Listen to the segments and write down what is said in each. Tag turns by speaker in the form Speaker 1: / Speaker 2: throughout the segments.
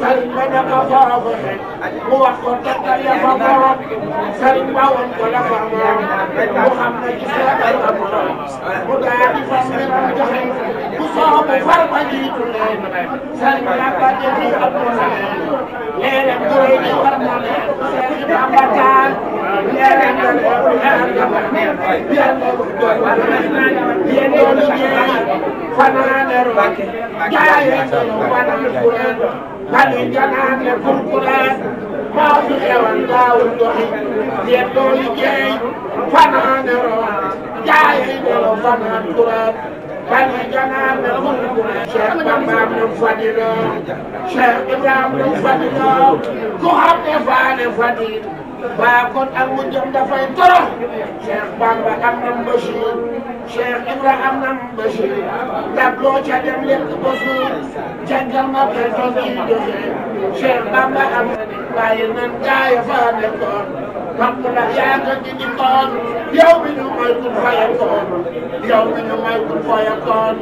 Speaker 1: sëriñ ba dafa borogoon rek wax ko tegtal ya fa boroom sëriñ ba woon ko la fa moom mu xam ne ci ba joxe ku soobu far ba jiitu ba ba ab ko sa leen léeg-léeg bu rëy di war na leen sëriñ ba ba taal léeg-léeg nga bu xeeral nga ba yéen yéen doon liggéey fanaane ru jaayee fanaane fu leen xali janaan le kurkuraan maa fi xewan daawul doxi yet dooli jeey fanaane roon jaayi dolo fanaan kuraan xali janaan le kurkuraan Cheikh Bamba nu fadiloo
Speaker 2: Cheikh Ibrahima nu fadiloo
Speaker 1: ku xam ne faane fadil waaw kon ak mu jëm dafay torox Cheikh Bamba am na mbësir Cheikh Ibra am na mbësir ndax loo ca dem lekk ba suur jàngal ma pexe yi doxee Cheikh Bamba am na waaye nan gaaya fa nekkoon xam nga yaa ngi ci tool yow mi ñu may ku fayakoon yow mi ñu may ku fayakoon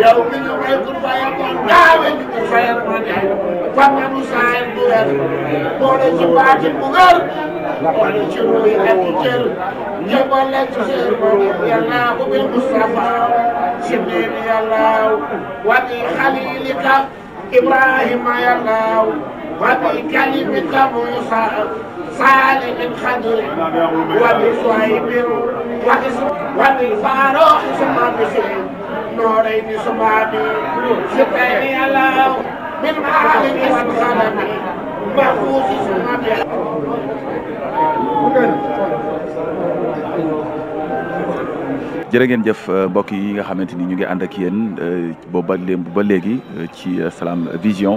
Speaker 1: yow mi ñu may ku fayakoon daawe ñu ku fayakoon de fan nga nu saa yi bu wér boole ci baati bu gër boole ci ruuy ak cër jëmale ci cër boobu yàlla bu bi Mustafa si biir yàlla wati xalilika Ibrahima yàlla wati kalimika Musa صالح خضر وبصهيب وبالفاروق ثم بسلم نورين سمامي سبحاني الله من معالم اسم خلمي محفوظ ثم
Speaker 2: jërë ngeen jëf mbokk yi nga xamante ni ñu ngi ànd ak yéen booba léegi ci Salam Vision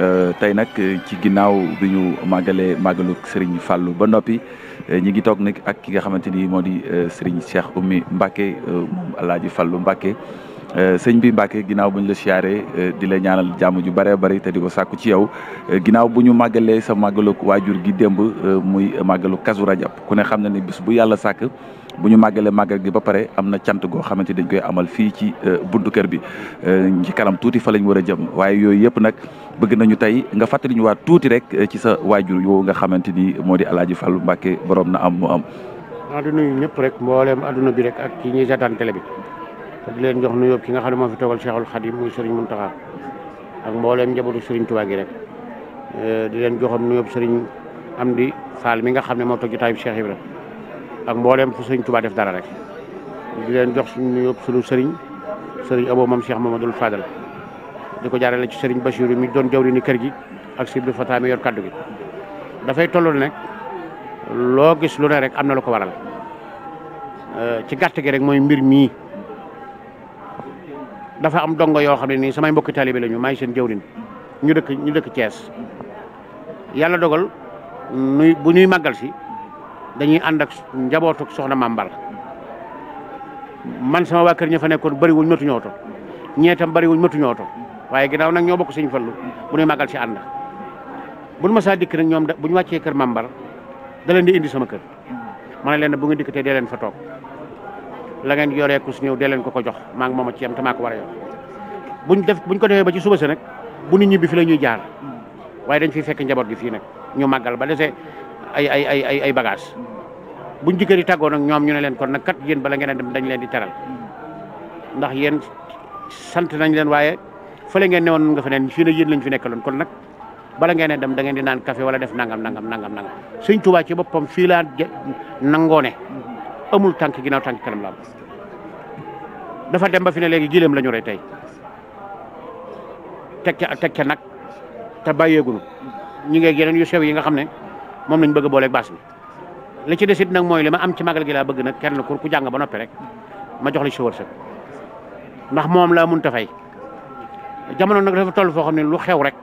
Speaker 2: Euh, tey nag euh, ci ginnaaw bi ñu màggalee màggalu Serigne Fallou ba noppi euh, ñi ngi toog nag ak ki nga xamante ni moo di Serigne Cheikh ummi mbake moom laaj fallu Mbacké sëñ bi mbake ginnaaw bu ñu la siyaaree di la ñaanal jàmm ju bëree bëri te di ko sàkku ci yow ginnaaw bu ñu màggalee sa màggalu waajur gi démb muy màggalu Kazu Rajab ku ne xam na ni bis bu yàlla sàkk bu ñu màggalee màggal gi ba pare am na cant goo xamante dañ koy amal fii ci euh, buntu kër bi euh, ci kanam tuuti fa lañ war a jëm waaye yooyu yëpp nag bëgg nañu tey nga fàttali ñu tuuti rek euh, ci sa waajur yow nga xamante ni moo di Alaaji Fallu Mbàkke na am mu am.
Speaker 3: maa ngi nuyu ñëpp
Speaker 4: rek mboolem adduna bi rek ak ci ñuy seetaan bi leen jox nuyoo ki nga xam ne moo fi toogal Cheikhul Khadim muy Serigne Mountakha ak mboolem njabootu Serigne Touba gi rek di leen joxam nuyoo Serigne Amdi Fall mi nga xam ne moo toog jotaay bi Cheikh Ibrahima ak mbooleem fu sëñ Tuubaa def dara rek di leen jox suñu nuyoo suñu sëriñ sëriñ Abo moom Cheikh Mamadou Fadal di ko jaarale ci sëriñ Bachirou mi doon jawri ni kër gi ak Sibdu Fata mi yor kaddu gi dafay tollul nag loo gis lu ne rek am na lu ko waral euh, ci gàtt gi rek mooy mbir mii dafa am dongo yoo xam ne nii samay mbokki taalibe lañu maa seen jawrin ñu dëkk ñu dëkk Thiès yàlla dogal nuy bu ñuy màggal si dañuy ànd ak njabootu soxna mambal Balla man sama waa ña fa nekkoon bëri wuñ matu ñooto ñee tam waaye ginnaaw nag ñoo bokk sëñ Fallu bu ñuy màggal si ànd bu ma saa dikk nag ñoom da bu ñu wàccee kër Mambar da leen di indi sama kër ma ne leen bu ngeen dikkatee dee leen fa toog la ngeen yoree ku si ñëw dee leen ko ko jox maa ngi moom a ci yem te maa ko war a yor buñ def buñ ko defee ba ci suba sa nag bu nit ñibbi fi la ñuy jaar waaye dañ fi fekk njaboot gi fii nag màggal ay ay ay ay ay bagage buñ jëkkër yi tàggoo nag ñoom ñu ne leen kon nag kat yéen bala ngeen dem dañ leen di teral ndax yéen sant nañ leen waaye fële ngeen newoon nga fa neen fii ne yéen lañ fi nekkaloon kon nag bala ngeen dem da di naan café wala def nangam nangam nangam nangam sëñ Tuubaa ci boppam fii laa nangoone amul tànk ginnaaw tànk kanam la dafa dem ba fi ne léegi gileem la ñu rey tey teg ca teg nag te bàyyeegunu ñu ngi yeneen yu sew yi nga xam ne moom lañ bëgg boole booleeg bâche bi li ci des nag mooy li ma am ci magal gi laa bëgg nag kenn ku ku jàng ba noppe rek ma jox la ci sa wërsëg ndax moom laa mënut a fay jamono nag dafa toll foo xam ne lu xew rek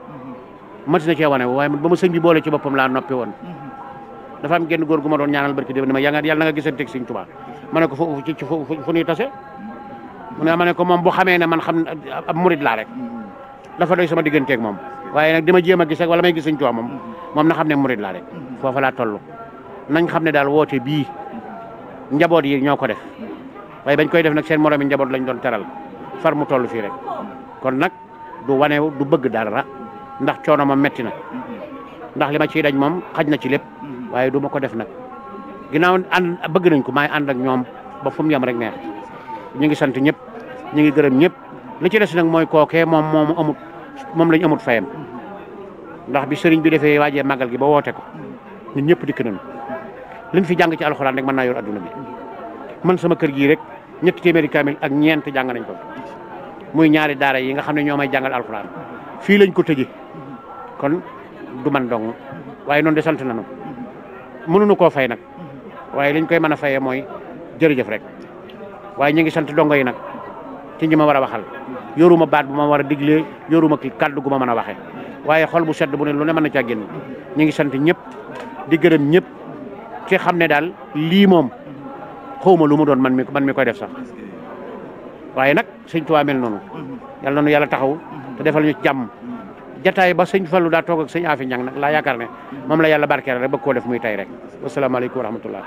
Speaker 4: mët na cee wane waaye ba ma sëñ bi boole ci boppam laa noppi woon dafa am genn góor gu ma doon ñaanal barki déwén ne ma yaa nga yàlla na nga gisanteeg sëñ Tuubaa ma ne ko fu ci fu ñuy tase mu ne ma ne ko moom bu xamee ne man xam a murid laa rek dafa doy sama digganteeg moom waaye nag ma jéem a gis rek wala may gis Sëñ Tuubaa moom moom na xam ne murid laa rek foofa laa toll nañ xam ne daal woote bii njaboot yi ñoo ko def waaye bañ koy def nag seen moroomi njaboot lañ doon teral far mu toll fii rek kon nag du wane du bëgg daal ra ndax coono ma metti na ndax li ma ciy dañ moom xaj na ci lépp waaye du ma ko def nag ginnaaw ànd bëgg nañ ko may ànd ak ñoom ba fu mu yem rek neex ñu ngi sant ñëpp ñu ngi gërëm ñëpp li ci des nag mooy kookee moom moomu amut moom lañ amut fayam ndax bi sëriñ bi defee waajee màggal gi ba woote ko ñun ñëpp dikk nañu liñ fi jàng ci alxuraan rek mën naa yor adduna bi man sama kër gii rek ñetti téeméeri kaamil ak ñeent jàng nañ ko muy ñaari daara yi nga xam ne ñoo may jàngal alxuraan fii lañ ko tëjee kon du man dong waaye noonu de sant nañu mënuñu koo fay nag waaye liñ koy mën a fayee mooy jërëjëf rek waaye ñu sant dongo yi nag ci ñi ma war a waxal yoruma baat bu ma war a diglee yoruma ki kàddu gu ma mën a waxee waaye xol bu sedd bu ne lu ne mën na caa génn ñu ngi sant ñëpp di gërëm ñépp ci xam ne daal lii moom xawma lu mu doon man mi man mi koy def sax waaye nag sëñ Tuubaa mel noonu yàlla noonu yàlla taxaw te defal ñu jàmm jataay ba sëñ Fallu daa toog sëñ Afi Ñang laa yaakaar ne moom la yàlla barkeel rek bëgg koo def muy tay rek wasalaamaaleykum wa rahmatullah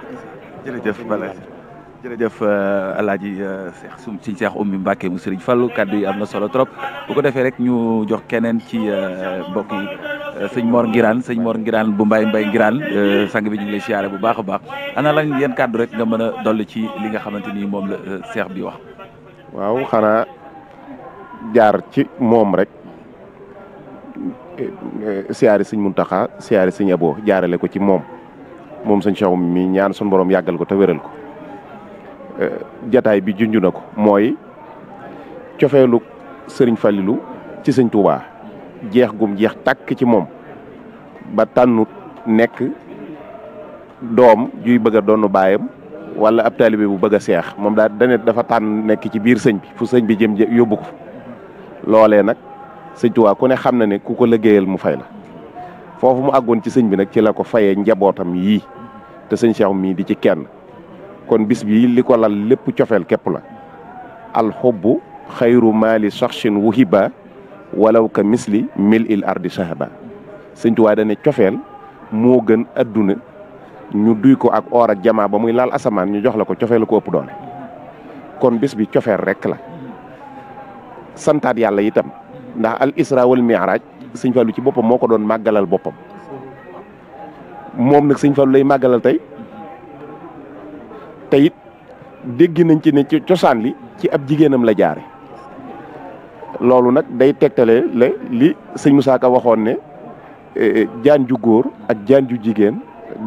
Speaker 2: jërëjëf euh, alaaji euh, Cheikh sum siñ Cheikh Oumy Mbacke mu Serigne Fallou kaddu yi am na solo trop bu ko defee rek ñu jox keneen ci euh, mbokk yi sëñ Mor Ngiraan sëñ Mor Ngiraan bu Mbaye Mbaye Ngiraan sang bi ñu ngi siyaare bu baax a baax ana lañ yeen kaddu rek nga mën a dolli ci li nga xamante ni moom la Cheikh bi wax.
Speaker 5: waaw xanaa jaar ci moom rek siyaare mun Muntaxa siyaare sëñ Abo jaarale ko ci moom moom sëñ Cheikh mi ñaan sun borom yàggal ko te wéral ko. Euh, jataay bi junj ko mooy cofeelu sëriñ Fallilou ci sëñ Touba jeex gum jeex takk ci moom ba tànnut nekk doom juy bëgg a baayam walla ab taalibe bu bëgga a seex moom daal danet dafa tànn nekk ci biir sëñ bi fu sëñ bi jëm yóbbu ko loolee nag sëñ ku ne xam na ne ku ko liggéeyal mu fay la foofu mu àggoon ci sëñ bi nag ci la ko fayee njabootam yii te sëñ Cheikh mii di ci kenn kon bis bi li ko lal lépp cofeel képp la alxubbu xayru maali saxsin wuhiba wu ka misli mil il ardi sahaba sëñ Tuubaa dane cofeel moo gën adduna ñu duy ko ak or jamaa ba muy laal asamaan ñu jox la ko cofeelu ko ëpp doole kon bis bi cofeel rek la santaat yàlla itam ndax al isra wal mi'raj sëñ Fallu ci boppam moo ko doon màggalal boppam moom nag sëñ Fallu lay màggalal tey te it dégg nañ ci ne ci cosaan li ci ab jigéenam la jaare loolu nag day tegtale la li sëñ Moussa Ka waxoon ne eh, jaan ju góor ak jaan ju jigéen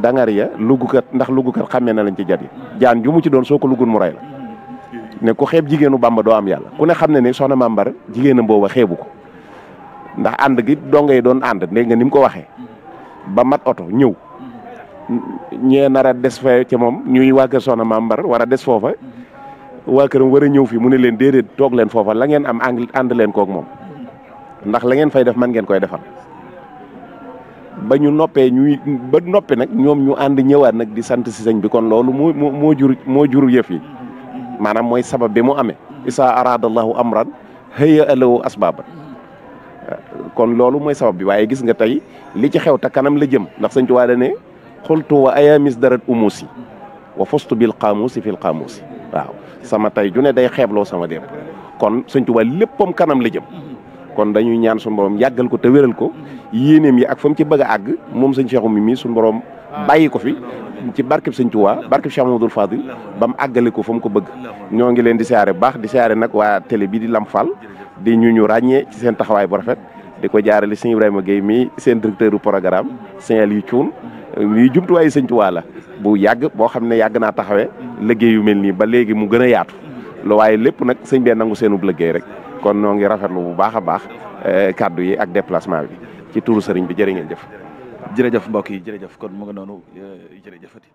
Speaker 5: dangar ya lugukat ndax lugukat xàmmee na lañ ci jat yi jaan ju mu ci doon soo ko lugul mu rey la ne ku xeeb jigéenu Bàmba doo am yàlla ku ne xam ne ne soxna Maam Bara jigéenam booba xeebu ko ndax ànd gi donga yi doon ànd ndég nga ni ko waxee ba mat oto ñëw ñee nar a des fa ci moom ñuy waa kër soxna maam Mbar war a des foofa waa këram war a ñëw fi mu ne leen déedéet toog leen foofa la ngeen am ànd leen kook moom ndax la ngeen fay def man ngeen koy defal ba ñu noppee ñuy ba noppi nag ñoom ñu ànd ñëwaat nag di sant si sañ bi kon loolu moo moo jur moo jur yëf yi maanaam mooy sabab bi mu amee isaa araada allahu amran hëya alawu asbaaba kon loolu mooy sabab bi waaye gis nga tey li ci xew te kanam la jëm ndax sëñ xultu wa ayamis darat umusi wa fostu bil qaamusi fil si waaw sama tay ju day xeebloo sama démb kon Sëñ Tuubaa léppam kanam la jëm kon dañuy ñaan suñu borom yàggal ko te wéral ko yéeneem yi ak fa mu ci bëgg a àgg moom sëñ Cheikh mi mii suñu borom bàyyi ko fi ci barkeb sëñ Tuubaa barkeb Cheikh Mamadou Fadil ba mu àggale ko fa mu ko bëgg ñoo ngi leen di siyaare bu baax di siyaare nag waa télé bi di lam Fall di ñu ñu ràññee ci seen taxawaay bu rafet di ko jaarale sëñ Ibrahima Guèye mii seen directeur du programme sëñ Aliou Thioune lii jumtuwaayu sëñ Tuubaa la bu yàgg boo xam ne yàgg naa taxawee liggéey yu mel nii ba léegi mu gën a yaatu lu waaye lépp nag sëñ bee nangu seenub liggéey rek kon noo ngi rafetlu bu baax a baax eh, kàddu yi ak déplacement bi ci turu sëriñ bi jërë ngeen jërëjëf
Speaker 2: mbokk yi jërëjëf kon mu nga noonu eh, jërëjëfati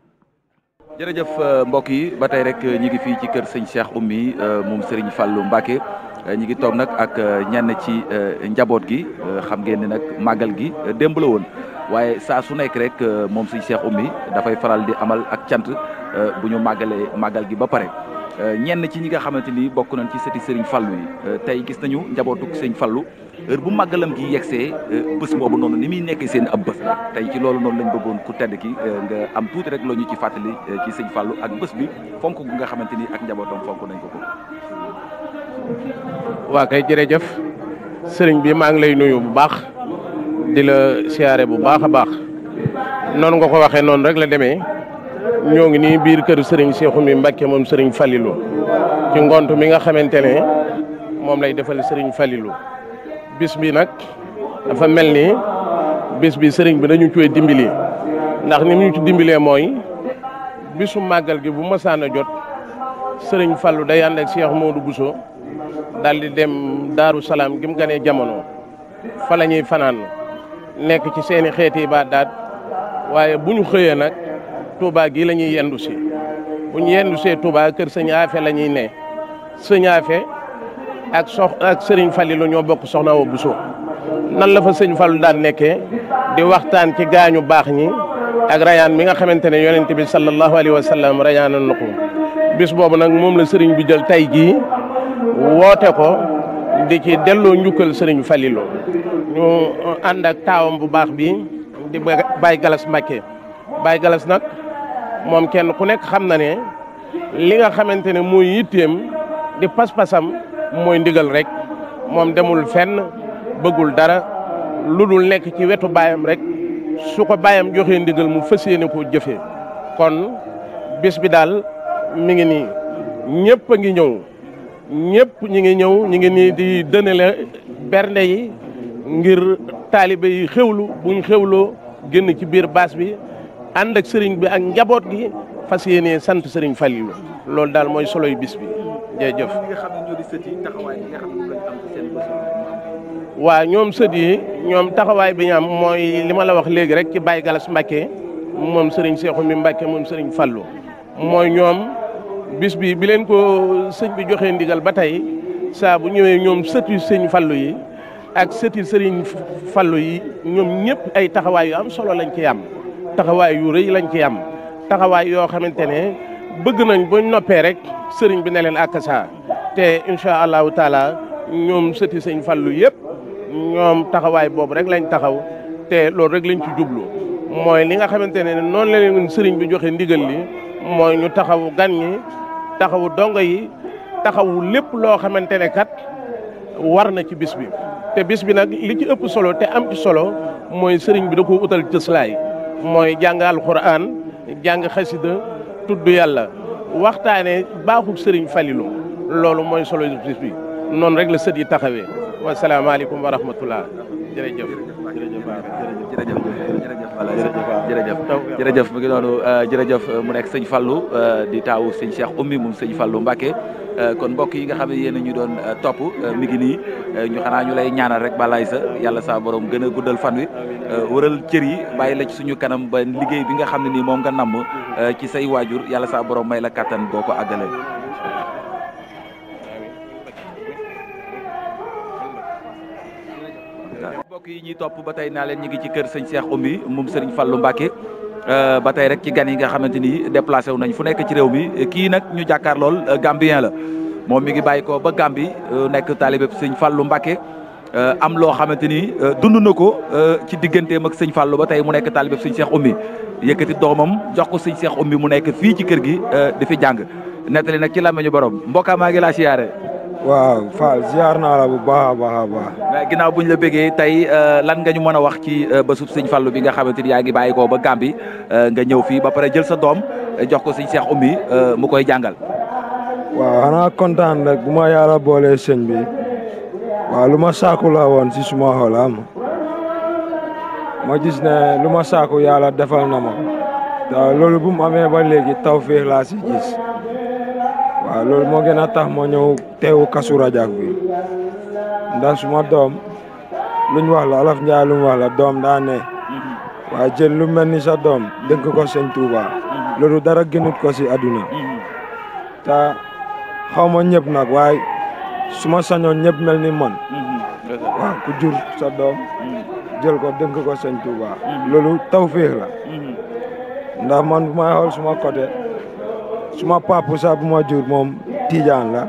Speaker 2: jërëjëf eh, mbokk yi ba tey rek ñi ngi fii ci kër sëñ Cheikh Oumy moom sëriñ Fallou Mbacké ñi ngi toog nag ak ñenn ci njaboot gi xam ngeen ni nag màggal gi démb la waaye saa su nekk rek euh, moom suñ Cheikh Oumy dafay faral di amal ak cant euh, bu ñu màggalee màggal gi ba pare euh, ñenn ci ñi nga xamante ni bokk nañ ci sëti Serigne Fallou yi tey gis nañu njabootuk Serigne fallu heure bu màggalam gi yegsee bés boobu noonu ni muy nekkee seen ab bés tey ci loolu noonu lañ bëggoon ku tedd ki nga am tuuti rek loo ñu ci fàttali ci Serigne Fallou ak bés bi fonk gu nga xamante ni ak njabootoom fonk nañ ko ko. waa kay jërëjëf
Speaker 6: sëriñ bi maa ngi lay nuyu bu baax. di la siyaare bu baax a baax noonu nga ko waxee noonu rek la demee ñoo ngi nii biir kër Serigne Cheikh mi mbakke moom Serigne faliloo ci ngont mi nga xamante ne moom lay defal sëriñ faliloo bis bi nag dafa mel ni bis bi sëriñ bi dañu cooy dimbali ndax ni mu ñu ci mooy bisu màggal gi bu masaan a jot Serigne Fallou day ànd ak Cheikh Modou Bousso daal di dem Daaru Salaam gi mu ganee jamono fa la ñuy fanaan. nekk ci seeni i xeeti ibaadaat waaye bu ñu xëyee nag Touba gi la ñuy yendu si bu ñu yendu see Touba kër sëñ Afe la ne sëñ ak sox ak sëriñ Falilu ñoo bokk soxna wa Buso nan la fa sëñ Fallu daan nekkee di waxtaan ci gaañu baax ñi ak rayaan mi nga xamante ne yonent bi sallallahu alayhi wa sallam na ko bis boobu nag moom la sëriñ bi jël tey jii woote ko di ci delloo njukkal sëriñ Falilu ñu ànd ak taawam bu baax bi di Baye Galas Mbacké Baye Galas nag moom kenn ku nekk xam na ne li nga xamante ne muy yitteem di pas-pasam mooy ndigal rek moom demul fenn bëggul dara lu dul nekk ci wetu baayam rek su ko baayam joxee ndigal mu fas yéene koo jëfee kon bis bi daal mi ngi nii ñëpp a ngi ñëw ñëpp ñi ngi ñëw ñi ngi nii di dënale bernde yi ngir taalibe yi xewlu buñ xewloo génn ci biir baas bi ànd ak sëriñ bi ak njaboot gi fas yéene sant sëriñ Falilu loolu daal mooy soloy bis bi jërëjëf waaw ñoom sët ñoom taxawaay bi ñu am mooy li ma la wax léegi rek ci Baye Galas Mbacke moom sëriñ Seexu mi Mbacke moom sëriñ Fallu mooy ñoom bis bi bi leen ko sëñ bi joxe ndigal ba tey saa bu ñëwee ñoom sët yu sëñ yi ak sëti sëriñ Fallu yi ñoom ñëpp ay taxawaay yu am solo lañ ci am taxawaay yu rëy lañ ci am taxawaay yoo xamante ne bëgg nañ buñ noppee rek sëriñ bi ne leen ak te incha allahu taala ñoom sëti sëñ Fallu yëpp ñoom taxawaay boobu rek lañ taxaw te loolu rek lañ ci jublu mooy li nga xamante ne noonu la leen sëriñ bi joxe ndigal li mooy ñu taxaw gan ñi taxawu dongo yi taxawu lépp loo xamante ne kat. war na ci bis bi te bis bi nag li ci ëpp solo te am ci solo mooy sëriñ bi da koo utal cëslaay mooy jàng alxuraan jàng xasida tudd yàlla waxtaane baaxul sëriñ Falilu loolu mooy solo bis bi noonu rek la sët yi taxawee
Speaker 2: wasalaamaaleykum wa rahmatullah jërëjëf jërëjëf jërëjëf jërëjëf jërëjëf mu jërëjëf mu nekk sëñ Fallou di taawu sëñ Cheikh Oumy moom sëñ Fallou Mbacké Euh, kon mbokk yi nga xam ne yéen ñu doon euh, topp euh, mi ngi nii ñu xanaa ñu lay ñaanal rek balaay sa yàlla sa borom gën a guddal fan wi wëral cër yi bàyyi la ci suñu kanam ba liggéey bi nga xam ne nii moom nga namm ci say waajur yàlla sa borom may la kattan boo ko àggalee mbokk yi ñuy topp ba tey naa leen ñu ngi ci kër sëñ Cheikh Oumy moom sëriñ Fallou Mbacké euh, ba tey rek ci gan yi nga xamante ni déplacé wu nañ fu nekk ci réew mi kii nag ñu jàkkaar lool euh, Gambien la moom mi ngi bàyyi ko ba Gambie euh, nekk taalibe sëñ fallu Mbacké am loo xamante ni dund na ko ci digganteem ak sëñ Fallou ba tey mu nekk taalibe sëñ Cheikh Oumy yëkkati doomam jox ko sëñ Cheikh Oumy mu nekk fii ci kër gi di fi jàng nettali nag ci làmmiñu borom mbokk maa ngi laa siyaare
Speaker 7: waaw Fall ziar naa la bu baax a baax buñ
Speaker 2: baax. mais la bëggee tey euh, lan nga ñu mën a wax ci euh, bésub sëñ Fallou bi nga xamante ni yaa ngi bàyyi ko ba Gàmbi euh, nga ñëw fii ba pare jël sa doom jox ko sëñ Cheikh Oumy mu koy jàngal.
Speaker 7: waaw xanaa kontaan rek bu ma yàlla boolee sëñ bi waaw lu ma saaku la woon si suma ma gis ne lu ma saaku yàlla defal na ma te loolu bu mu ba léegi tawféex laa si gis. waaw loolu moo gën a tax ma ñëw teewu Kazu Rajab bi ndax suma doom luñ wax la Olof Njaay luñ wax doom daa ne waaye jël lu mel ni sa doom dënk ko sëñ Tuuba loolu dara gënut ko si àdduna te xaw ma ñëpp nag waay suma sañoon ñëpp mel ni man waaw ku sa doom jël ko dënk ko sëñ Tuuba loolu tawféex la ndax man bu may xool suma côté suma papa sax bu ma jur moom Tijaan la.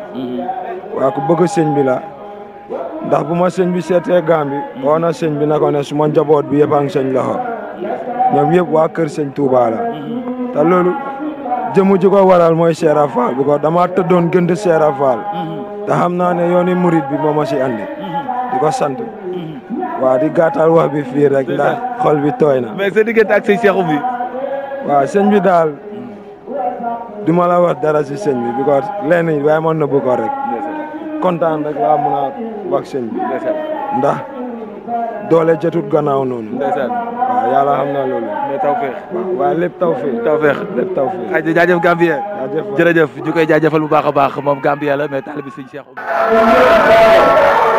Speaker 7: waa ku bëgg sëñ bi ndax bu ma sëñ bi seetee Gàmbi. woo na sëñ bi naka ne suma njaboot bi yëpp a ngi sëñ loxo. ñoom yëpp waa kër sëñ Touba la. te loolu jëmu ji ko waral mooy Seera Faal dama tëddoon gën di Seera Faal. naa ne yooni murit bi moo ma si andi. di ko sant. waa di gàttal wax bi fii rek. ndax xol bi tooy na.
Speaker 2: mais sa diggante ak
Speaker 7: say seexu bi daal. du ma la wax dara si sëñ bi because leen it waaye mën na bu korek kontaan rek laa mun a wax sëñ bi ndax doole jotut gannaaw noonu waaw yàlla xam na loolu
Speaker 2: mais tawfeex waaw lépp tawfeex tawfeex lépp tawfeex ay jaajëf Gambien jërëjëf ñu koy jaajëfal bu baax a baax moom Gambien la mais taalibi sëñ
Speaker 8: Cheikh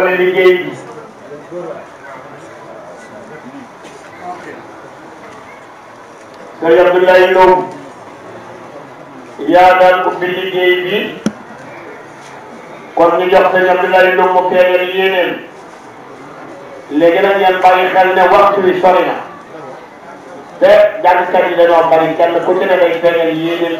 Speaker 3: tàmbale liggéey bi sëñ Abdoulaye Loum yaa daan ubbi liggéey bi kon ñu jox sëñ Abdoulaye Loum mu feeñal yéeneen léegi nag ngeen bàyyi xel ne waxtu wi sori na te jàngkat yi dañoo bari kenn ku ci ne day feeñal yéeneen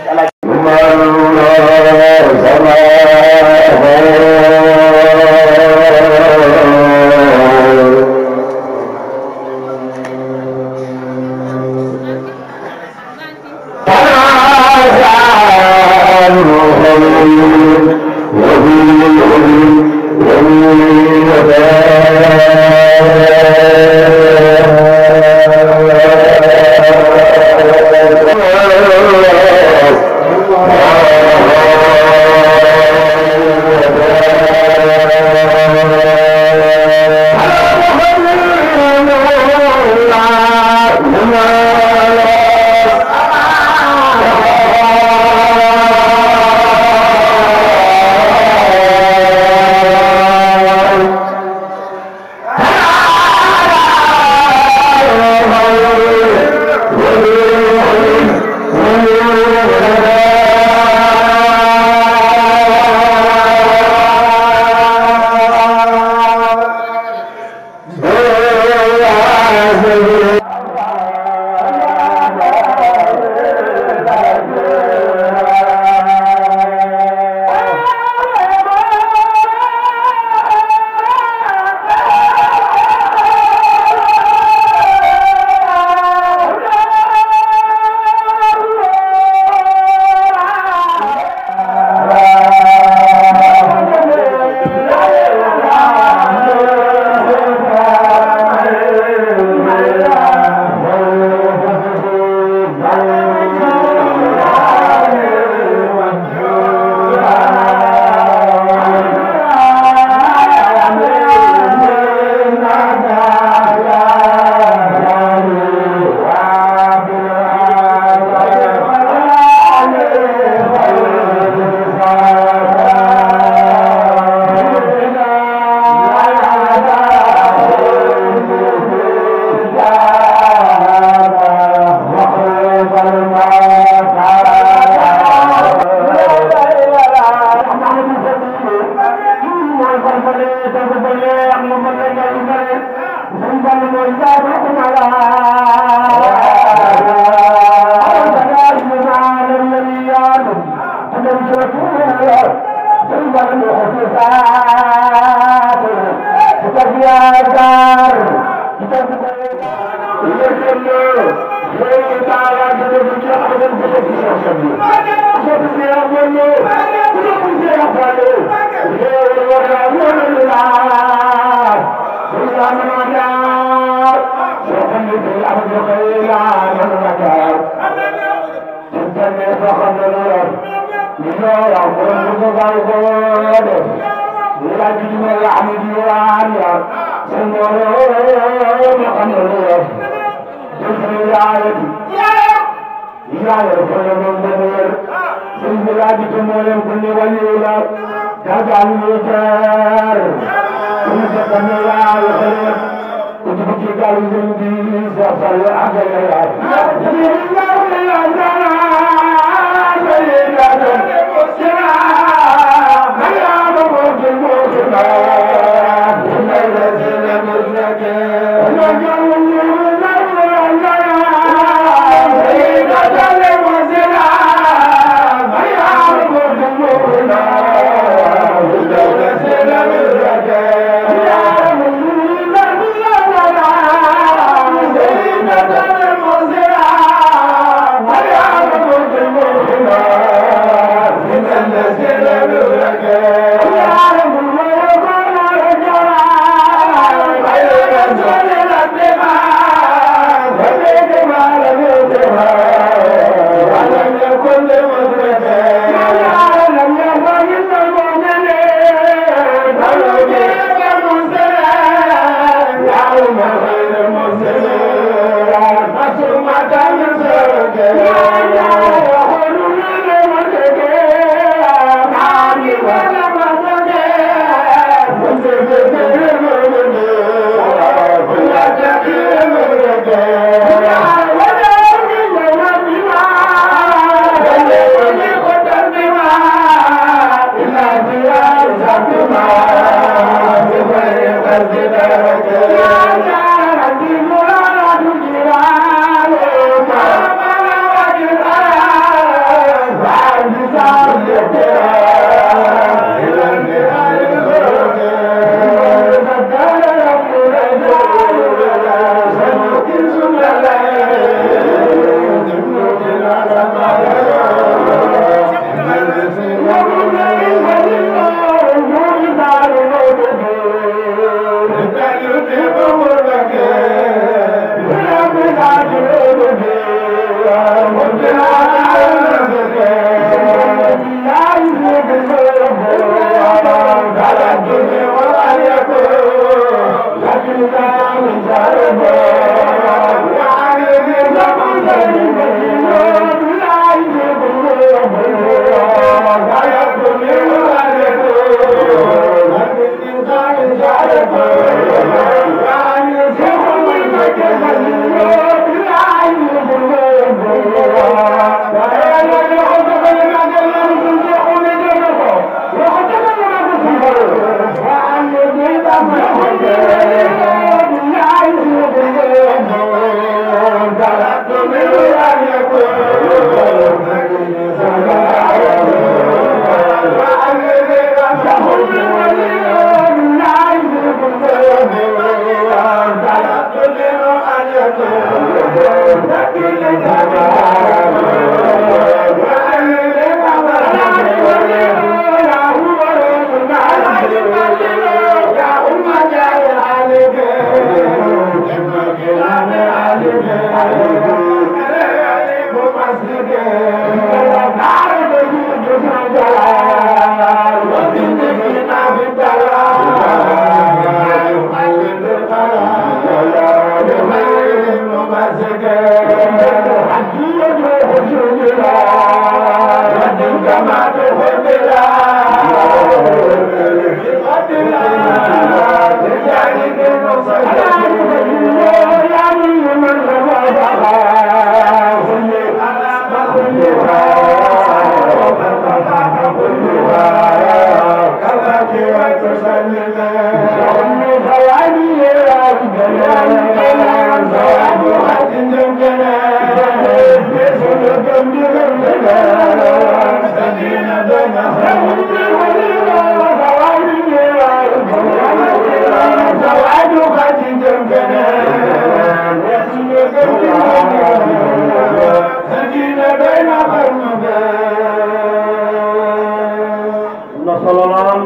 Speaker 9: na solo lool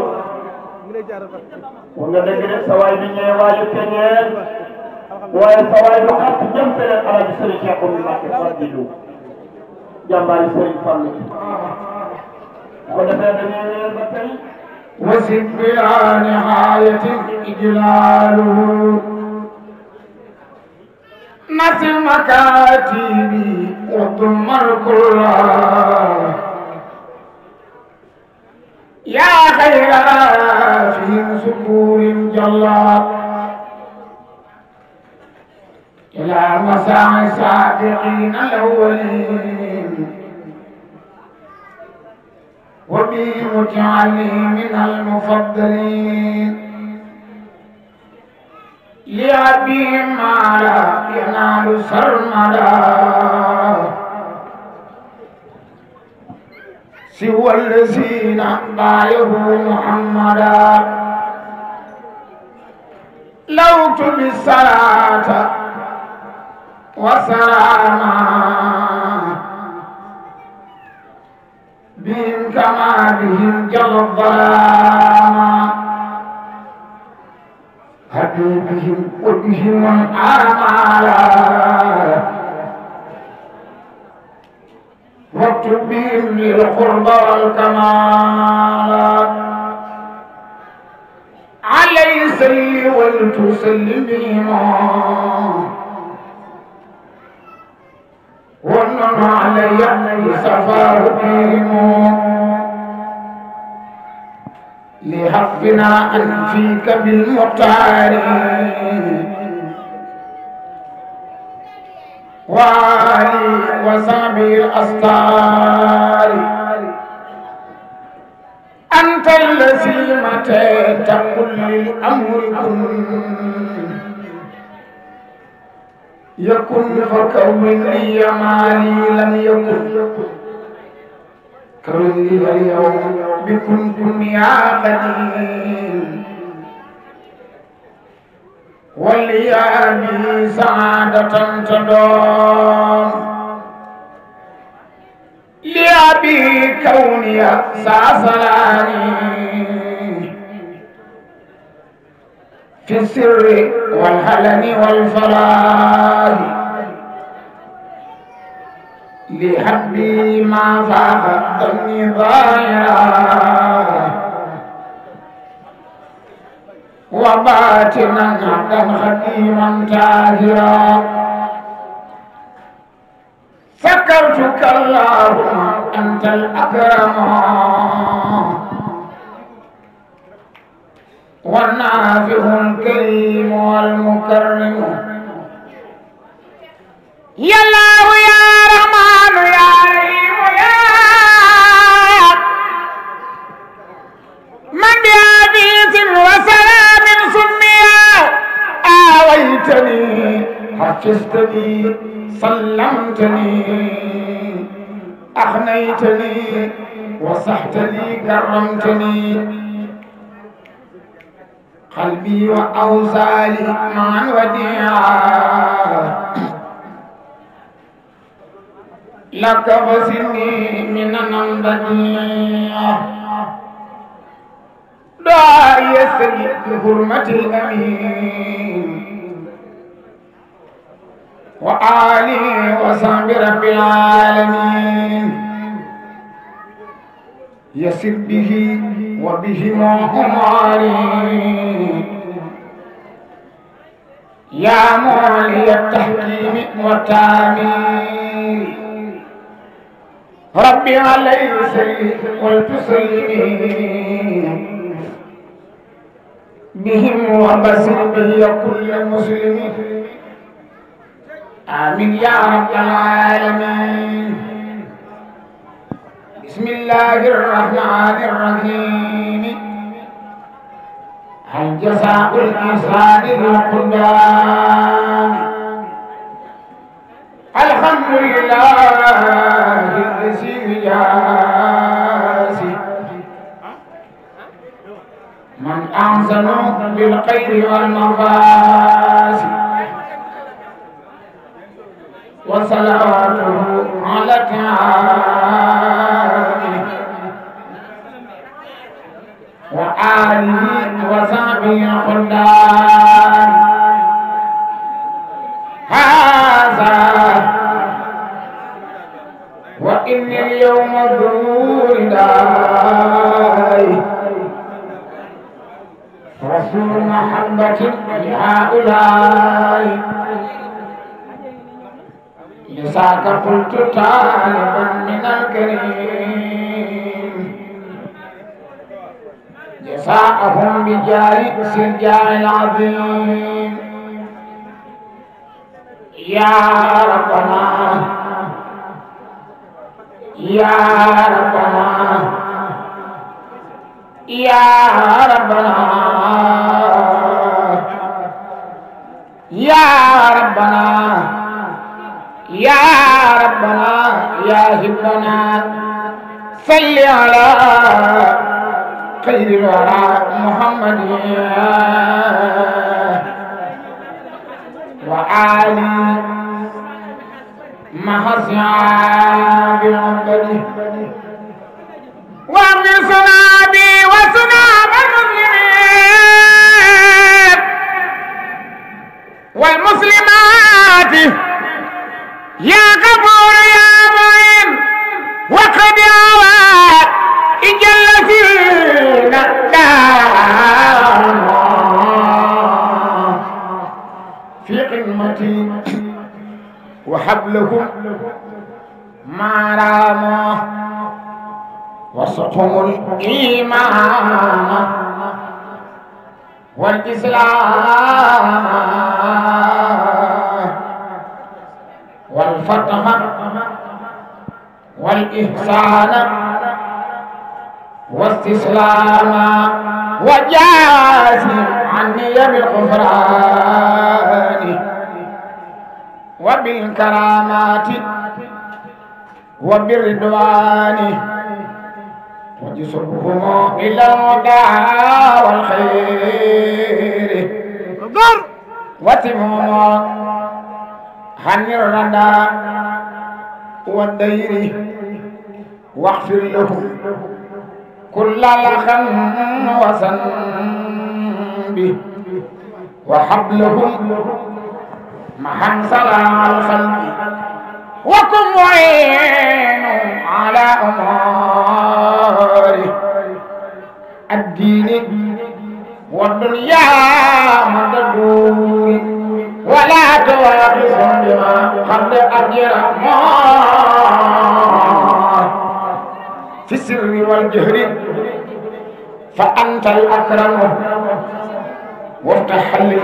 Speaker 9: mun nga dégg de sawaay bi ñëwee waayu keñee
Speaker 5: waaye sawaay bu xat jëm feneen alaaji sëriñ Cheikh Oumy Mbacké Fadilou
Speaker 3: jàmbaari sëriñ Fallu bu ko defee
Speaker 1: dañuy wéer ba tey wasib bi aani xaayatin ijlaaluhu نسي مكاتبي وتمر كلها يا خير في سبور جلا إلى مساع الصادقين الأولين وبي مجعلي من المفضلين لأبيهم ما لا ينال سرمدا سوى الذين بايعوا محمدا لو تبي الصلاة وسلاما بهم كما بهم جل الظلاما حبيبهم وبهم آمالا واكتب بهم للقرب والكمال علي سلي ولتسلميما ونم علي سفر بهم لحق بناء فيك بالمختار وعلي وصحبه الأستار أنت الذي متى تقول للأمر كن يكن فكون لي مالي لم يكن
Speaker 7: كرزي اليوم بكنكم
Speaker 1: يا قديم ولي أبي سعادة تدوم لأبي كوني ساسلاني في السر والهلن والفراغ لحبي ما فاقتني ضايعا وباتنا عبدا خديما تاهرا فكرتك اللهم انت الاكرم والنافع الكريم والمكرم يا الله علمتني
Speaker 7: حفظتني
Speaker 1: سلمتني أحنيتني وصحتني كرمتني قلبي وأوزالي معا وديعا لك فسني من بديع دعا يا سيد بحرمة الأمين وآله وصحبه رب العالمين يسر به وبهما هم عليه يا مولي التحكيم والتعمير ربي عليه سيد قلت سلمي بهم وبسر به كل مسلم آمين يا رب العالمين بسم الله الرحمن الرحيم الجزاء الإنسان ذو القدام الحمد لله الذي جازي من أحسن بالخير والمفاسد وصلواته على الكعاب وآله وصحبه خلدان هذا وإن اليوم ذو رسول محبة لهؤلاء إساك قلت طالبا من الكريم جزاءهم بجار سرجاع العظيم يا ربنا يا ربنا يا ربنا يا ربنا يا ربنا يا هبنا صل على خير الورى محمد وآل محسن بعبده وأمن صلابي وسلام
Speaker 9: المسلمين والمسلمات يا غفور يا معين
Speaker 1: وقد أوى إجل فينا في قمتي وحبلهم ما راموا وسطهم الإيمان والإسلام
Speaker 8: والفتح
Speaker 1: والإحسان واستسلام وجازي عني بالغفران وبالكرامات وبالرضوان وجسرهم إلى الهدى والخير وتمهم حنيرنا والدير واغفر لهم كل لخن وسنب وحبلهم محن صلى الخلق وكن معين على أماره الدين والدنيا مددور ولا يحزن لما قد أجر في السر والجهر فأنت
Speaker 8: الأكرم وافتح لي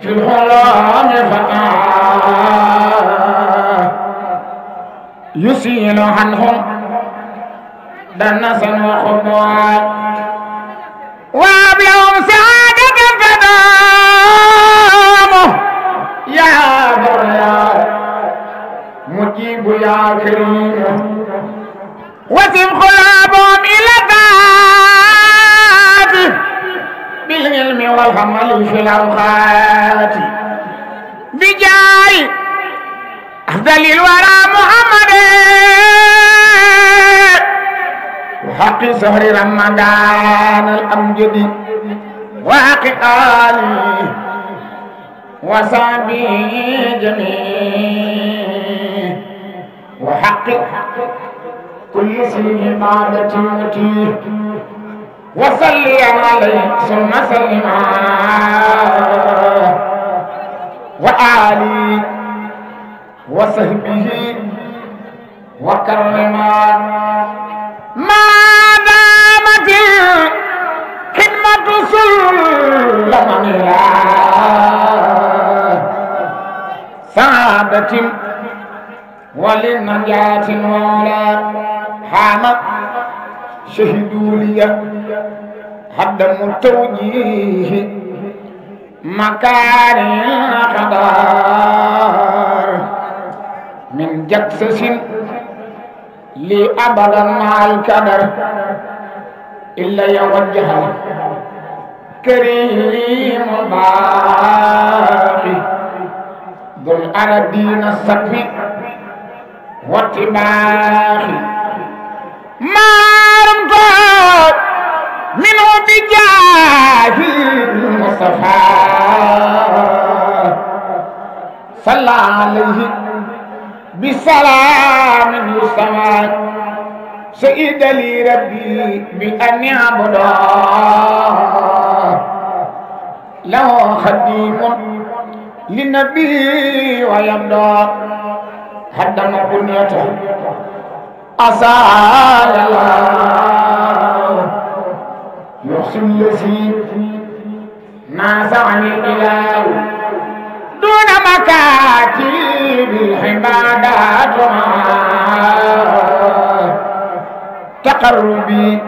Speaker 8: في الحرام
Speaker 9: فآه
Speaker 1: يسيل عنهم دنسا وخبوات وابلهم سعادة وسم خلابهم إلى ذات بالعلم والعمل في الأوقات بجاي أفضل الورى محمد وحق سهر رمضان الأمجد وحق آله وصحبه جميل وحقق كل سلم عادتي وتي وسلم عليه ثم سلم وآلي وصحبه وكرم ما دامت خدمة سلم إلى سعادة وللنجاة المولى حامد شهدوا لي هدم التوجيه مكارم الأقدار من جكسس لي أبدا مع الكدر إلا يوجه كريم باقي ذو الأرضين السكبي واتباعه ما رمت منه بجاه المصطفى صلى عليه بسلام يسمى سيد لي ربي بأن يعبدا له خديم للنبي ويمدى هدم بنيته أزال الله يحصي الذي نازعني الإله دون مكاتب العبادات تقربي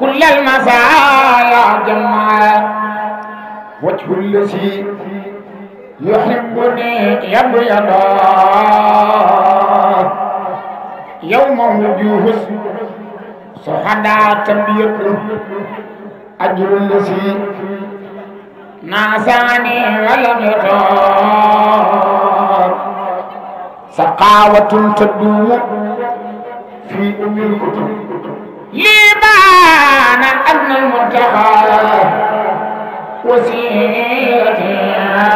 Speaker 1: كل المزايا جمعا وجه الذي يحبني يبغي الله يوم وجوه سحدا تبيض أجر الذي ناساني ولم يغار سقاوة تدوم في أم الكتب ليبان أن المنتهى وسيرتها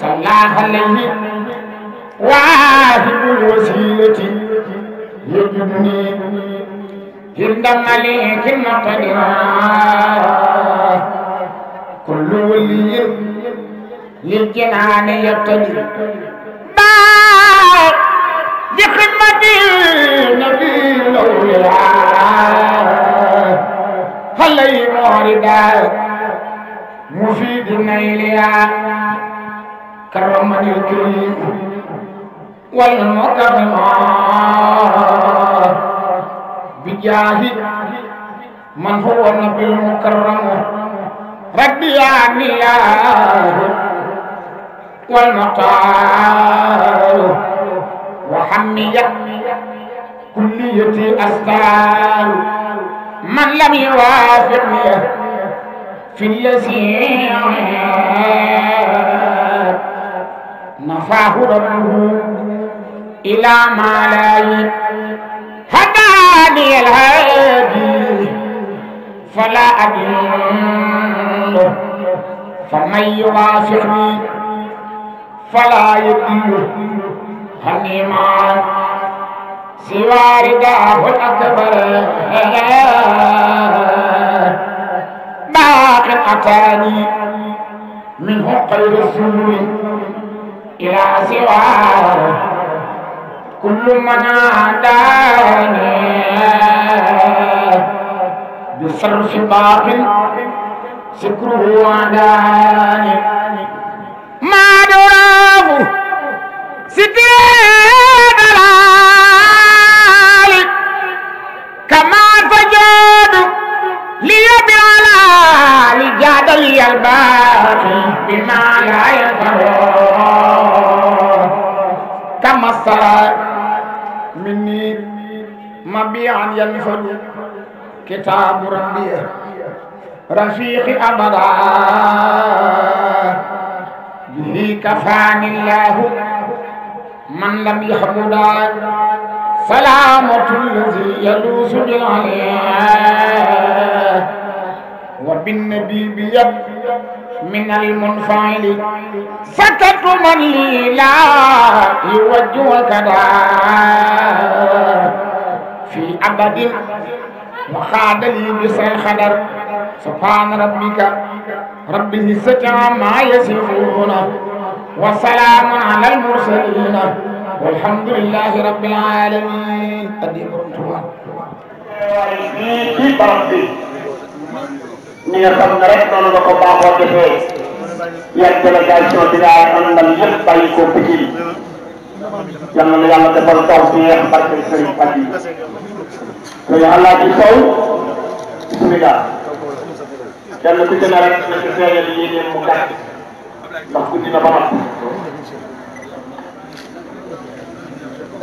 Speaker 1: صلى عليه واهب الوسيلة يجبني عند مليك مقدرا كل ولي للجنان يبتدي بخدمة النبي الأولياء فلي موردا مفيد نيليا كرمني الكريم والمكرم بجاه من هو النبي المكرم ربي يا والمطار وحمية كليتي أستار من لم يوافقني في الذي نفاه ربه إلى ما لا هداني الهادي فلا أدل فمن يوافقني فلا يدل هنيمان سوى رداه الأكبر باق أتاني منه قير السلوي إلى سواه كل من عاداني بصرف باطل سكره عاداني ما دراه سكره ليبي على لجادي الباقي بما لا ينفع كما السرى مني مبيعا ينفد كتاب ربي رفيق أبدا به كفاني الله من لم يحمد سلامة الذي يدوس بالعلياء وبالنبي بيد من المنفعل سكت من لي لا يوجه كذا في أبد وخاد لي بسر الخدر سبحان ربك رب العزة عما يصفون وسلام على المرسلين walhamdulillahi rabbil alamin addi borom Tuuba
Speaker 3: ci barab bi ni nga xam ne rek noonu la ko baaxoo defee yàgg délégation bi daal àndal yëpp
Speaker 5: bàyyi ko Pikine yal na yàlla defal tawfiix barke Sëriñ Fadi
Speaker 8: sëñ Alaaji Sow bismillah
Speaker 3: kenn ku ci ne rek na ci feeñal yéene mu gàtt
Speaker 5: ndax guddi na ba noppi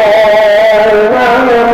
Speaker 9: الله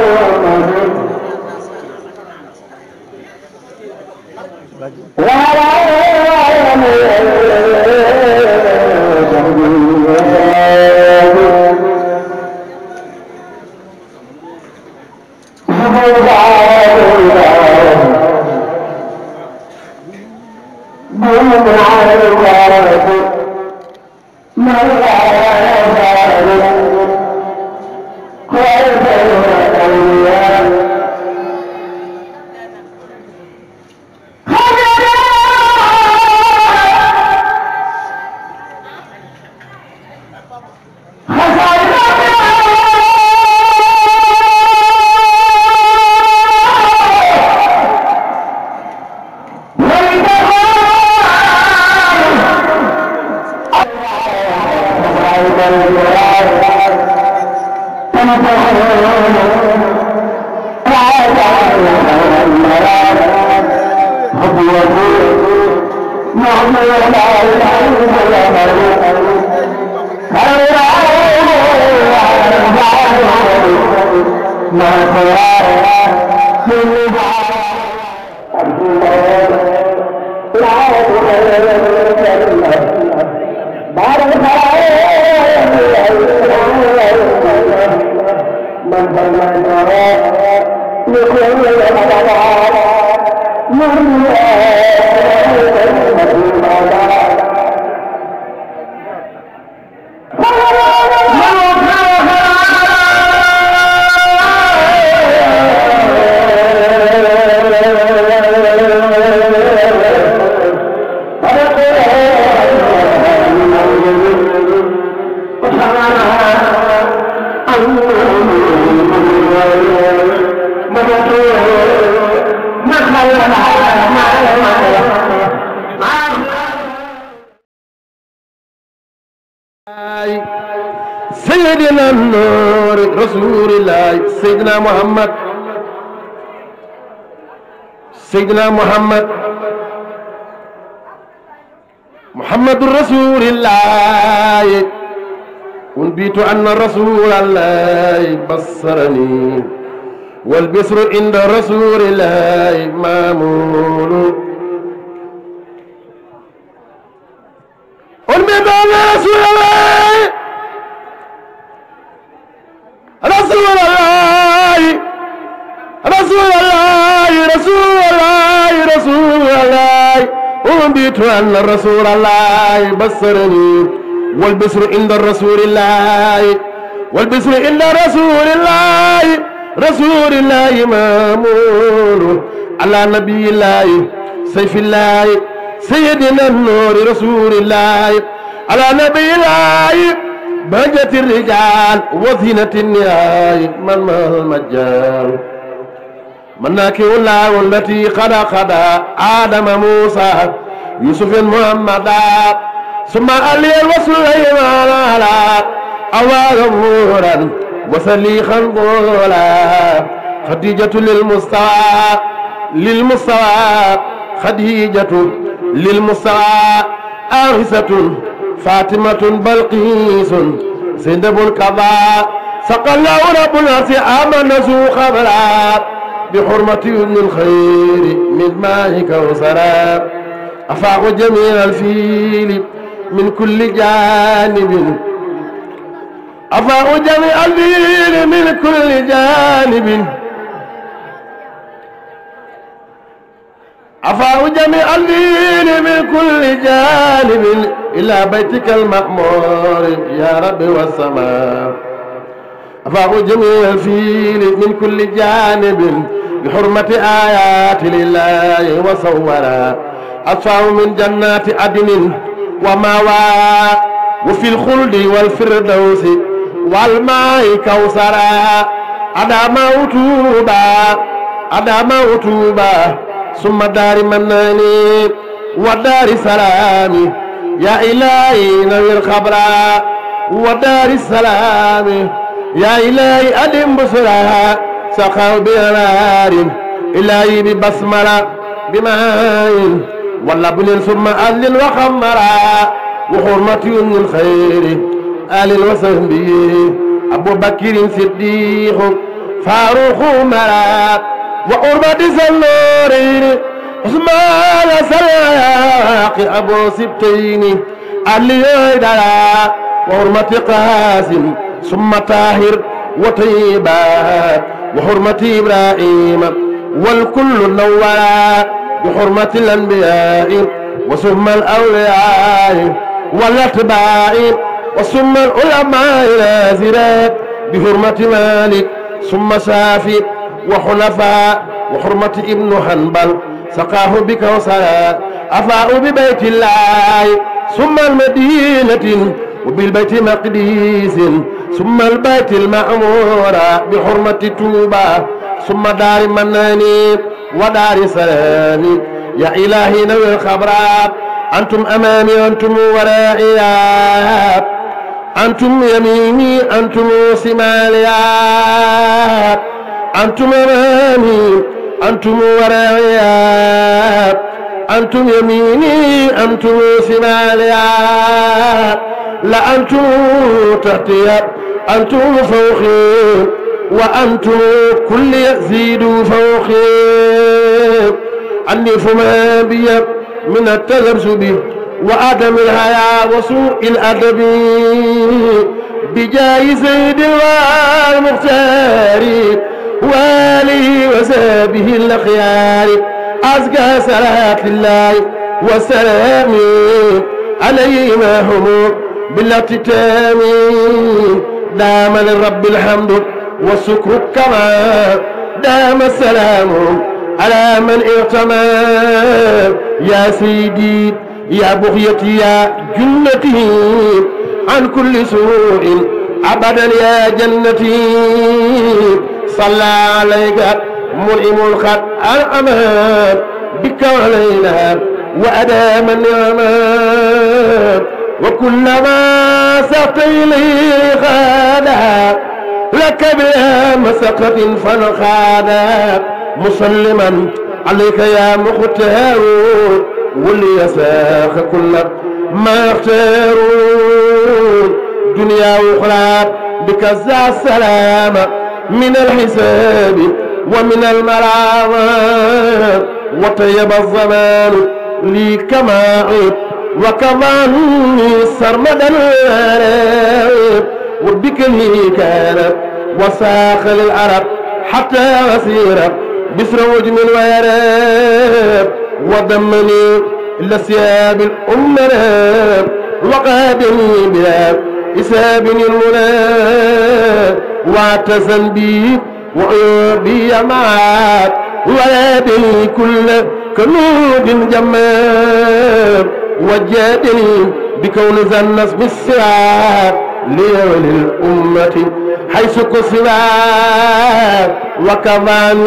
Speaker 3: Seydina Muhammad Seydina Muhammad محمد رسول الله ونبيت أن رسول الله بصرني والبصر عند رسول الله مامول
Speaker 9: أنبيت أن رسول الله
Speaker 3: رسول الله رسول الله رسول الله رسول الله أنبيت أن رسول الله بصرني والبصر عند رسول الله والبصر عند رسول الله رسول الله مامور على نبي الله سيف الله سيدنا النور رسول الله على نبي الله بهجة الرجال وزينة النهاية من مال مجال مناك الله التي خلق آدم موسى يوسف محمد ثم علي وسليمان على أوال نورا وسليخا قولا خديجة للمستوى للمستوى خديجة للمستوى آخسة فاطمة بلقيس زينب القضاء سقى الله رب العرش آمن ذو خبرا بحرمة ابن الخير من ماء كوثرا أفاق جميع الفيل من كل جانب أفاق جميع الفيل من كل جانب أفاق جميع الفيل kulli janibin ila baytika alma'mur ya rabbi was-samaa afaqu jami'al fiil min kulli janibin bi hurmati ayati lillahi wa sawwara asfa'u min jannati adnin wa mawa wa fil khuldi wal firdawsi wal ma'i kawsara adama utuba adama utuba summa dari manani ودار السلام يا إلهي نوير خبرا ودار السلام يا إلهي أدم بصرها سخر بنار إلهي ببسملة بماء واللبن ثم أذل وخمرا وحرمتي من الخير آل وصحبه أبو بكر صديق فاروق مرا وحرمة النورين عثمان سلاق أبو سبتين علي دلا وحرمة قاسم ثم طاهر وطيبات وحرمة إبراهيم والكل نورا بحرمة الأنبياء وثم الأولياء والأتباع وثم العلماء الآزرات بحرمة مالك ثم شافي وحنفاء وحرمة ابن حنبل سقاه بكوثر أفاء ببيت الله ثم المدينة وبالبيت مقديس ثم البيت المأمور بحرمة توبة ثم دار مناني ودار سلامي يا إلهي نوي الخبرات أنتم أمامي أنتم ورائي أنتم يميني أنتم شمالي أنتم أمامي أنتم وراعيات أنتم يميني أنتم شمالي لأنتم تحتي أنتم فوقي وأنتم كل يزيد فوقي عني فما بي من التذبذب وعدم الحياة وسوء الأدب بجاي زيد المختار وآله وسابه الأخيار أزكى صلاة الله والسلام عليهما هم بالاقتتام دام للرب الحمد والشكر كما دام السلام على من اغتمى يا سيدي يا بغيتي يا جنتي عن كل سوء أبدا يا جنتي صلى عليك منعم الخط الأمان بك علينا وأدام النعمان وكلما سقت إليه خانا لك بها مسقة فنخانا مسلما عليك يا مختار وليساخ كل ما اختارون دنيا أخرى بك السلامة من الحساب ومن الملام وطيب الزمان لي كما عيب وكماني سرمدا وبك لي كان وساخ للعرب حتى وسير بسر وجم الوارب ودمني لسياب الأمر وقادني بلاب إساب المنى واعتصم بي وعيوبي معك ويدني كل كنود جمال وجادني بكون ذا النصب السراج لي وللأمة حيث كسرات وكمان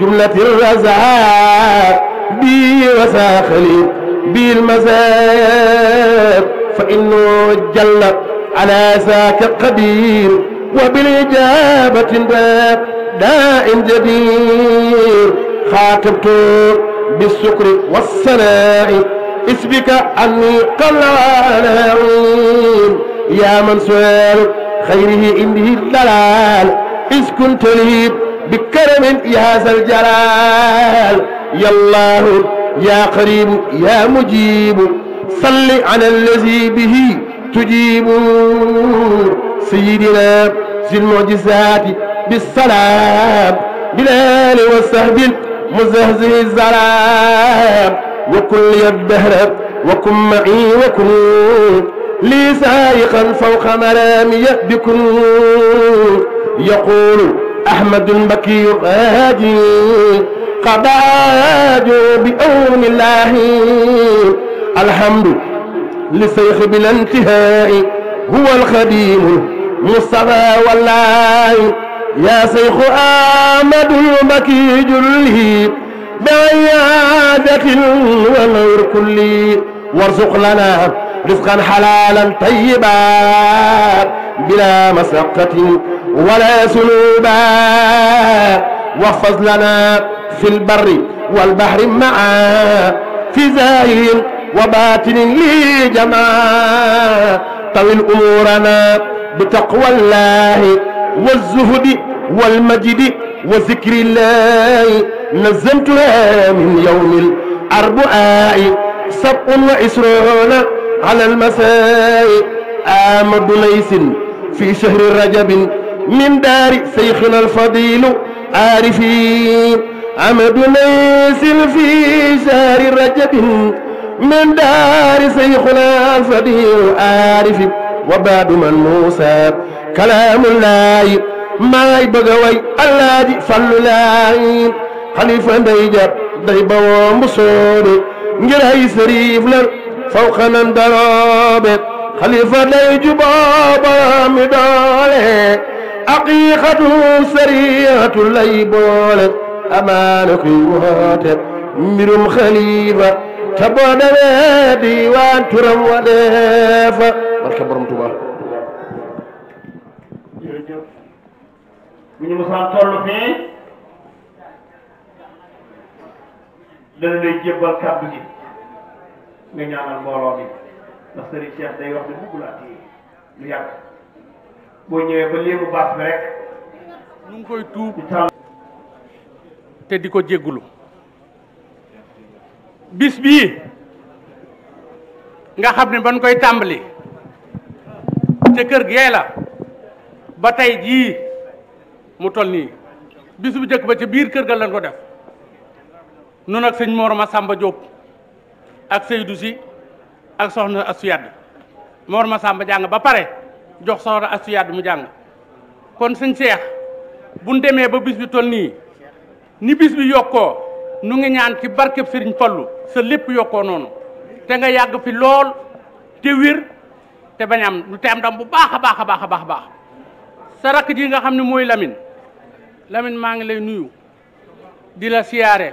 Speaker 3: جملة الرزاق بي وساخلي بي المزاق فإنه جل على ذاك قدير وبالإجابة باب داء جدير خاطبت بالسكر والسناء اسمك أني قلالين يا من سؤال خيره إني الدلال إذ كنت لي بكرم يا ذا الجلال يا الله يا قريب يا مجيب صل على الذي به تجيبوا سيدنا ذي المعجزات بالسلام بالآل والصحب المزهزه الزلام وكل الدهر وكن معي وكن لي سائقا فوق مرامي بكن يقول أحمد البكي غادي قباج بأون الله الحمد لشيخ بلا انتهاء هو الخديم المصطفى والله يا شيخ آمد المكي جله بعيادة ونور كلي وارزق لنا رزقا حلالا طيبا بلا مسقة ولا سلوبا واحفظ لنا في البر والبحر معا في زاهر وباتن لي جماع طوي أمورنا بتقوى الله والزهد والمجد وذكر الله نزمتها من يوم الأربعاء سبع وعشرون على المساء آمد ليس في شهر رجب من دار شيخنا الفضيل عارفين أمد ليس في شهر رجب من دار شيخنا الفضيل العارف وبعد من موسى كلام الله maay bëgg a way alaaji fallu laay xalifa nday jàpp day bawoo mbusoobe ngir ay sëriif la fawqa nan daroobe xalifa day juboo borom mi doole aqiiqatu sariatu lay boole amaana kuy woote mbirum xalifa te boo demee diwaan turam wa dee fa barke borom Tuuba
Speaker 5: jërëjëf bu ñu mosaan toll fii dana lay jébbal kàddu gi nga ñaanal mbooloo bi ndax sëriñ Cheikh day wax ne bëgg laa téye lu yàgg boo ñëwee ba léegi baas bi rek
Speaker 10: ñu ngi koy tuub te di ko jéggulu bis bii nga xam ne ban koy tàmbali ca kër gee la ba tey jii mu toll nii bis bu njëkk ba ca biir kër ga lañ ko def nun ak sëñ Mor sàmba Diop ak Seydou Si ak soxna Asuyad Mor sàmba jàng ba pare jox soxna Asuyad mu jàng kon sëñ Seex buñ demee ba bis bi toll nii ni bis bi yokkoo nu ngi ñaan ci barkeb Serigne Fallou sa lépp yokkoo noonu te nga yàgg fi lool te wér te bañ am lu te dam bu baax a baax a baax a baax baax sa rakk ji nga xam ne mooy lamin lamin maa ngi lay nuyu di la siyaare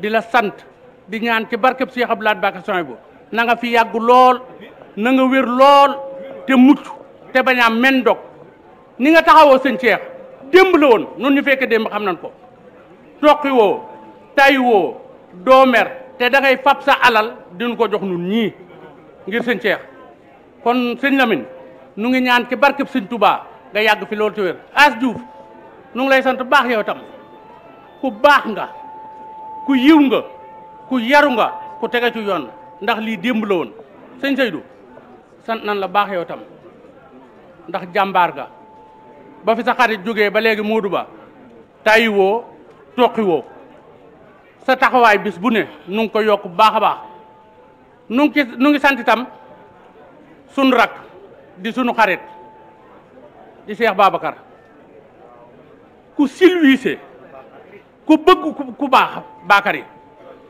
Speaker 10: di la sant di ñaan ci barkeb Cheikh laat Lahad Mbacké Souhaïbou na nga fi yàgg lool na nga wér lool te mucc te bañ am men dog ni nga taxawoo sëñ Cheikh démb la woon noonu ñu fekkee démb xam nañ ko toqi woo taywoo doo mer te da ngay sa alal diñu ko jox nun ñii ngir sëñ Cheikh kon sëñ Lamine nu ngi ñaan ci barkeb sëñ Touba yàgg fi loolu ci wér As Diouf nu ngi lay sant baax yow tam ku baax nga ku yiw nga ku yaru nga ku tege ci ndax lii démb la woon sëñ Seydou sant nan la baax yow tam ndax jàmbaar ga ba fi sa xarit jógee ba léegi Moodu ba tayiwoo toqiwoo sa taxawaay bis bu ne nu ngi ko yokk bu baax a baax nu ngi nu ngi sant itam sunu rakk di sunu xarit di Cheikh Babacar ku silwiise ku bëgg ku baax baakar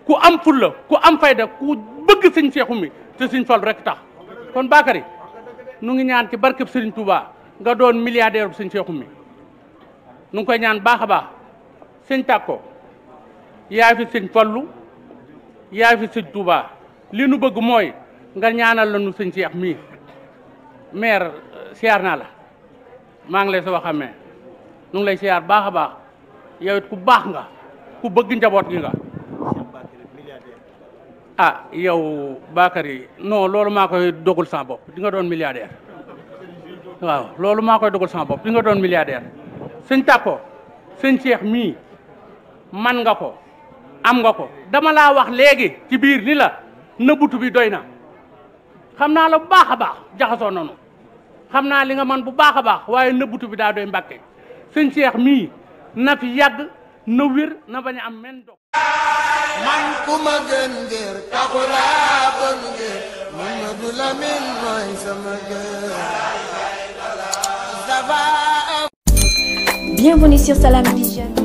Speaker 10: ku am fulla ku am fayda ku bëgg sëñ seexu mi te sëñ fal rek tax kon baakar yi ngi ñaan ci barkeb sëriñ Touba nga doon milliardaire bu sëñ seexu mi nu ngi koy ñaan baax a baax sëñ tàkko yaa fi sëñ Fallu yaa fi sëñ Touba li nu bëgg mooy nga ñaanal la nu sëñ Cheikh mii maire euh, siyaar naa la maa ngi lay soo xamee nu ngi lay siyaar baax a baax yow it ku baax nga ku bëgg njaboot gi nga ah yow Bakary non loolu maa koy dogul sama bopp di nga doon milliardaire waaw loolu maa koy dogul sama bopp di nga doon milliardaire sëñ Tako sëñ Cheikh mii man nga ko am nga ko dama laa wax léegi ci biir ni la nëbbutu bi doy na xam naa la bu baax a baax jaxasoo nanu xam naa li nga man bu baax a baax waaye nëbbutu bi daa doy mbàkke sëñ Cheikh mii na fi yàgg na wér bañ am men dog
Speaker 3: man ku ma gën ngir taxulaa bon ngir Mamadu Lamin mooy sama gën Bienvenue sur Salam